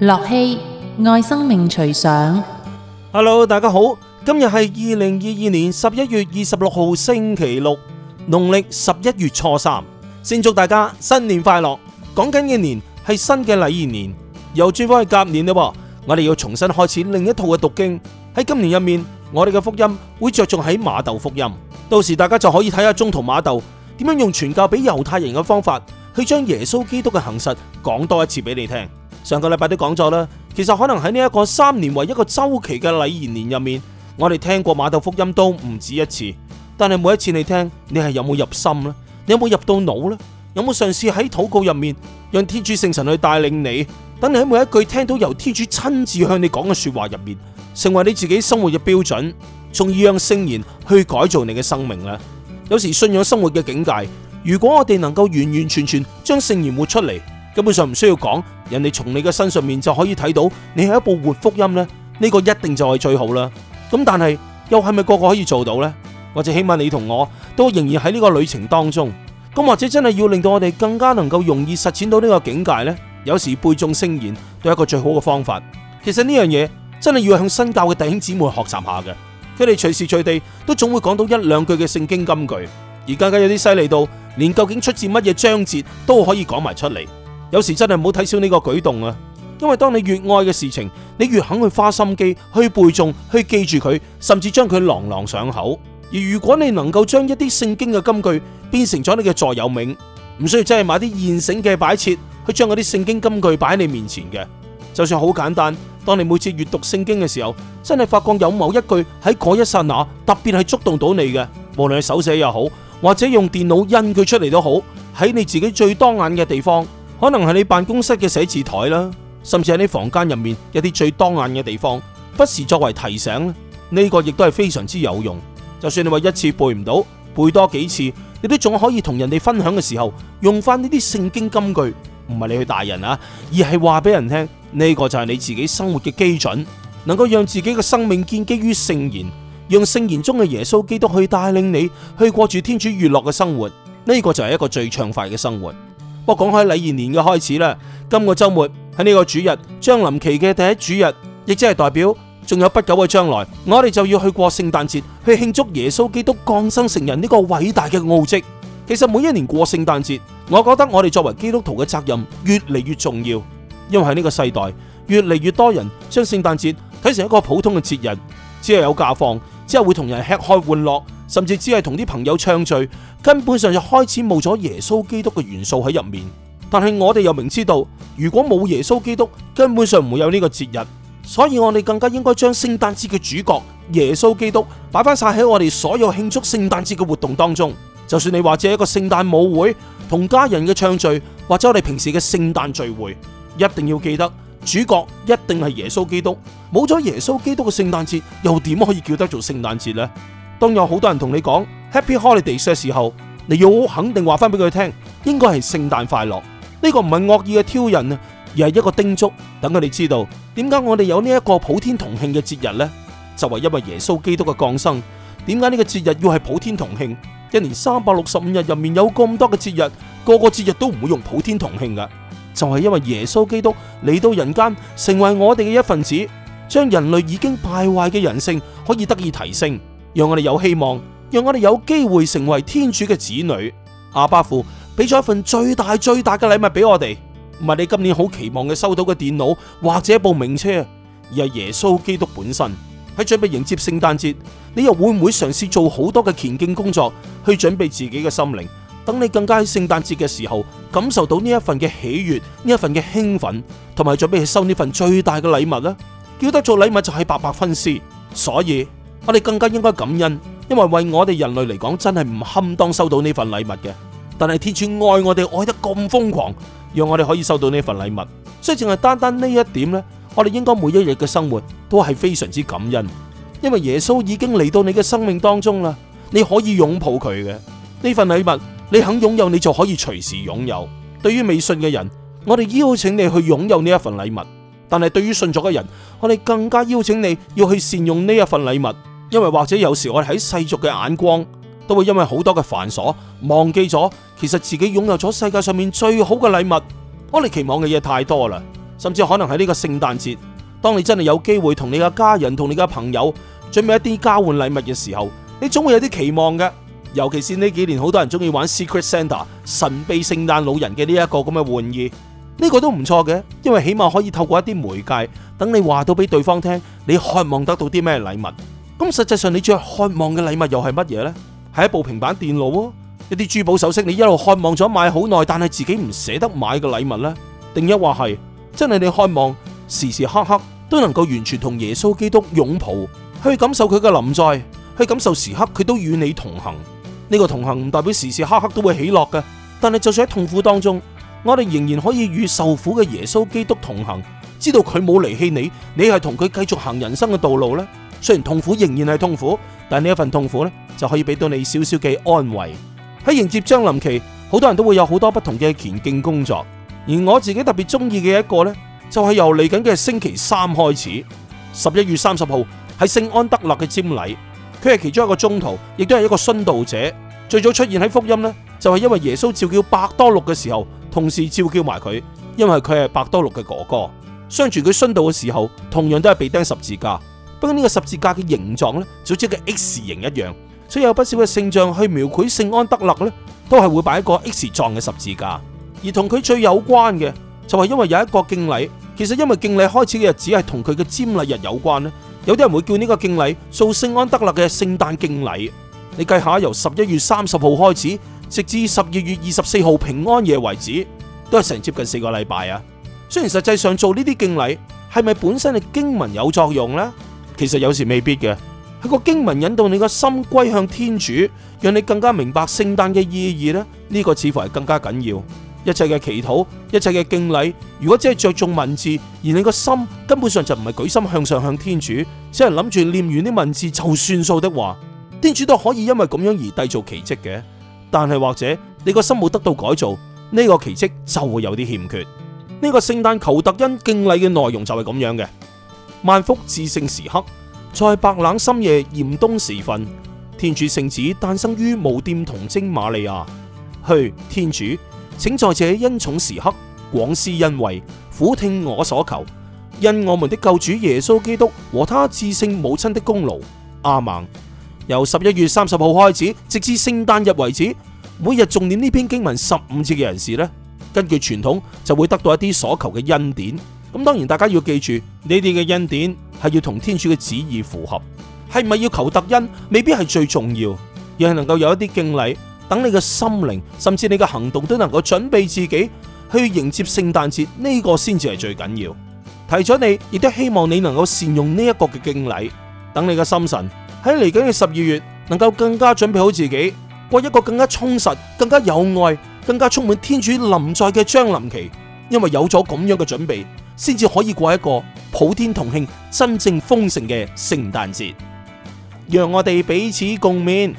樂熙愛生命隨想，Hello，大家好，今日係二零二二年十一月二十六號星期六，農曆十一月初三，先祝大家新年快樂。講緊嘅年係新嘅禮儀年，又轉翻去甲年啦。我哋要重新開始另一套嘅讀經。喺今年入面，我哋嘅福音會着重喺馬竇福音，到時大家就可以睇下宗徒馬竇點樣用傳教俾猶太人嘅方法去將耶穌基督嘅行實講多一次俾你聽。上個禮拜都講咗啦。其實可能喺呢一個三年為一個周期嘅禮儀年入面，我哋聽過馬竇福音都唔止一次，但係每一次你聽，你係有冇入心呢？你有冇入到腦呢？有冇嘗試喺禱告入面讓天主聖神去帶領你，等你喺每一句聽到由天主親自向你講嘅說話入面，成為你自己生活嘅標準，從而讓聖言去改造你嘅生命咧。有時信仰生活嘅境界，如果我哋能夠完完全全將聖言活出嚟，根本上唔需要講。人哋從你嘅身上面就可以睇到，你係一部活福音呢。呢、呢個一定就係最好啦。咁但係又係咪個個可以做到呢？或者起碼你同我都仍然喺呢個旅程當中。咁、嗯、或者真係要令到我哋更加能夠容易實踐到呢個境界呢？有時背誦聖言都係一個最好嘅方法。其實呢樣嘢真係要向新教嘅弟兄姊妹學習下嘅。佢哋隨時隨地都總會講到一兩句嘅聖經金句，而家家有啲犀利到連究竟出自乜嘢章節都可以講埋出嚟。有時真係唔好睇小呢個舉動啊，因為當你越愛嘅事情，你越肯去花心機去背誦、去記住佢，甚至將佢朗朗上口。而如果你能夠將一啲聖經嘅金句變成咗你嘅座右銘，唔需要真係買啲現成嘅擺設去將嗰啲聖經金句擺喺你面前嘅，就算好簡單。當你每次閱讀聖經嘅時候，真係發覺有某一句喺嗰一剎那特別係觸動到你嘅，無論係手寫又好，或者用電腦印佢出嚟都好，喺你自己最當眼嘅地方。可能係你辦公室嘅寫字台啦，甚至係你房間入面有一啲最當眼嘅地方，不時作為提醒。呢個亦都係非常之有用。就算你話一次背唔到，背多幾次，你都仲可以同人哋分享嘅時候，用翻呢啲聖經金句，唔係你去大人啊，而係話俾人聽。呢個就係你自己生活嘅基準，能夠讓自己嘅生命建基於聖言，讓聖言中嘅耶穌基督去帶領你去過住天主悅樂嘅生活。呢個就係一個最暢快嘅生活。我講開禮儀年嘅開始啦，今個周末喺呢個主日，將臨期嘅第一主日，亦即係代表，仲有不久嘅將來，我哋就要去過聖誕節，去慶祝耶穌基督降生成人呢個偉大嘅奧跡。其實每一年過聖誕節，我覺得我哋作為基督徒嘅責任越嚟越重要，因為喺呢個世代，越嚟越多人將聖誕節睇成一個普通嘅節日，只係有假放，只係會同人吃開玩樂。甚至只係同啲朋友唱聚，根本上就開始冇咗耶穌基督嘅元素喺入面。但係我哋又明知道，如果冇耶穌基督，根本上唔會有呢個節日。所以我哋更加應該將聖誕節嘅主角耶穌基督擺翻晒喺我哋所有慶祝聖誕節嘅活動當中。就算你話或者一個聖誕舞會同家人嘅唱聚，或者我哋平時嘅聖誕聚會，一定要記得主角一定係耶穌基督。冇咗耶穌基督嘅聖誕節，又點可以叫得做聖誕節呢？當有好多人同你講 Happy Holidays 嘅時候，你要好肯定話翻俾佢聽，應該係聖誕快樂。呢個唔係惡意嘅挑釁啊，而係一個叮囑，等佢哋知道點解我哋有呢一個普天同慶嘅節日呢，就係因為耶穌基督嘅降生。點解呢個節日要係普天同慶？一年三百六十五日入面，有咁多嘅節日，個個節日都唔會用普天同慶噶，就係因為耶穌基督嚟到人間，成為我哋嘅一份子，將人類已經敗壞嘅人性可以得以提升。讓我哋有希望，讓我哋有機會成為天主嘅子女。阿巴父俾咗一份最大最大嘅禮物俾我哋，唔係你今年好期望嘅收到嘅電腦或者一部名車，而係耶穌基督本身喺準備迎接聖誕節。你又會唔會嘗試做好多嘅虔敬工作去準備自己嘅心靈，等你更加喺聖誕節嘅時候感受到呢一份嘅喜悅，呢一份嘅興奮，同埋準備去收呢份最大嘅禮物呢？叫得做禮物就係白白分施，所以。我哋更加應該感恩，因為為我哋人類嚟講，真係唔堪當收到呢份禮物嘅。但係天主愛我哋愛得咁瘋狂，讓我哋可以收到呢份禮物。所以淨係單單呢一點呢，我哋應該每一日嘅生活都係非常之感恩，因為耶穌已經嚟到你嘅生命當中啦，你可以擁抱佢嘅呢份禮物。你肯擁有，你就可以隨時擁有。對於未信嘅人，我哋邀請你去擁有呢一份禮物；但係對於信咗嘅人，我哋更加邀請你要去善用呢一份禮物。因為或者有時我哋喺世俗嘅眼光，都會因為好多嘅繁瑣忘記咗，其實自己擁有咗世界上面最好嘅禮物。我哋期望嘅嘢太多啦，甚至可能喺呢個聖誕節，當你真係有機會同你嘅家人同你嘅朋友準備一啲交換禮物嘅時候，你總會有啲期望嘅。尤其是呢幾年，好多人中意玩 Secret Santa 神秘聖誕老人嘅呢一個咁嘅玩意，呢、這個都唔錯嘅，因為起碼可以透過一啲媒介，等你話到俾對方聽，你渴望得到啲咩禮物。咁實際上你最渴望嘅禮物又係乜嘢呢？係一部平板電腦，一啲珠寶首飾，你一路渴望咗買好耐，但係自己唔捨得買嘅禮物呢？定一話係真係你渴望時時刻刻都能夠完全同耶穌基督擁抱，去感受佢嘅臨在，去感受時刻佢都與你同行。呢個同行唔代表時時刻刻都會喜樂嘅，但係就算喺痛苦當中，我哋仍然可以與受苦嘅耶穌基督同行，知道佢冇離棄你，你係同佢繼續行人生嘅道路呢。雖然痛苦仍然係痛苦，但呢一份痛苦咧就可以俾到你少少嘅安慰。喺迎接將臨期，好多人都會有好多不同嘅虔敬工作。而我自己特別中意嘅一個呢，就係由嚟緊嘅星期三開始，十一月三十號係聖安德肋嘅瞻禮。佢係其中一個宗徒，亦都係一個殉道者。最早出現喺福音呢，就係因為耶穌召叫伯多祿嘅時候，同時召叫埋佢，因為佢係伯多祿嘅哥哥。相傳佢殉道嘅時候，同樣都係被釘十字架。不過呢個十字架嘅形狀呢，就好似一個 X 形一樣，所以有不少嘅聖像去描繪聖安德勒呢，都係會擺一個 X 狀嘅十字架。而同佢最有關嘅就係、是、因為有一個敬禮，其實因為敬禮開始嘅日子係同佢嘅瞻禮日有關呢。有啲人會叫呢個敬禮做聖安德勒嘅聖誕敬禮。你計下由十一月三十號開始，直至十二月二十四號平安夜為止，都係成接近四個禮拜啊。雖然實際上做呢啲敬禮係咪本身嘅經文有作用呢？其實有時未必嘅，係個經文引導你個心歸向天主，讓你更加明白聖誕嘅意義咧。呢個似乎係更加緊要。一切嘅祈禱、一切嘅敬禮，如果只係着重文字，而你個心根本上就唔係舉心向上向天主，只係諗住念完啲文字就算數的話，天主都可以因為咁樣而締造奇蹟嘅。但係或者你個心冇得到改造，呢個奇蹟就會有啲欠缺。呢個聖誕求特恩敬禮嘅內容就係咁樣嘅。萬福至聖時刻，在白冷深夜嚴冬時分，天主聖子誕生於無玷童貞瑪利亞。去天主，請在這恩寵時刻廣施恩惠，俯聽我所求。因我們的救主耶穌基督和他至聖母親的功勞。阿孟，由十一月三十號開始，直至聖誕日為止，每日重念呢篇經文十五字嘅人士呢，根據傳統就會得到一啲所求嘅恩典。咁當然，大家要記住，你哋嘅恩典係要同天主嘅旨意符合，係咪要求特恩未必係最重要，而係能夠有一啲敬禮，等你嘅心靈甚至你嘅行動都能夠準備自己去迎接聖誕節呢個先至係最緊要。提咗你，亦都希望你能夠善用呢一個嘅敬禮，等你嘅心神喺嚟緊嘅十二月能夠更加準備好自己，過一個更加充實、更加有愛、更加充滿天主臨在嘅將臨期，因為有咗咁樣嘅準備。先至可以過一個普天同慶、真正豐盛嘅聖誕節，讓我哋彼此共勉。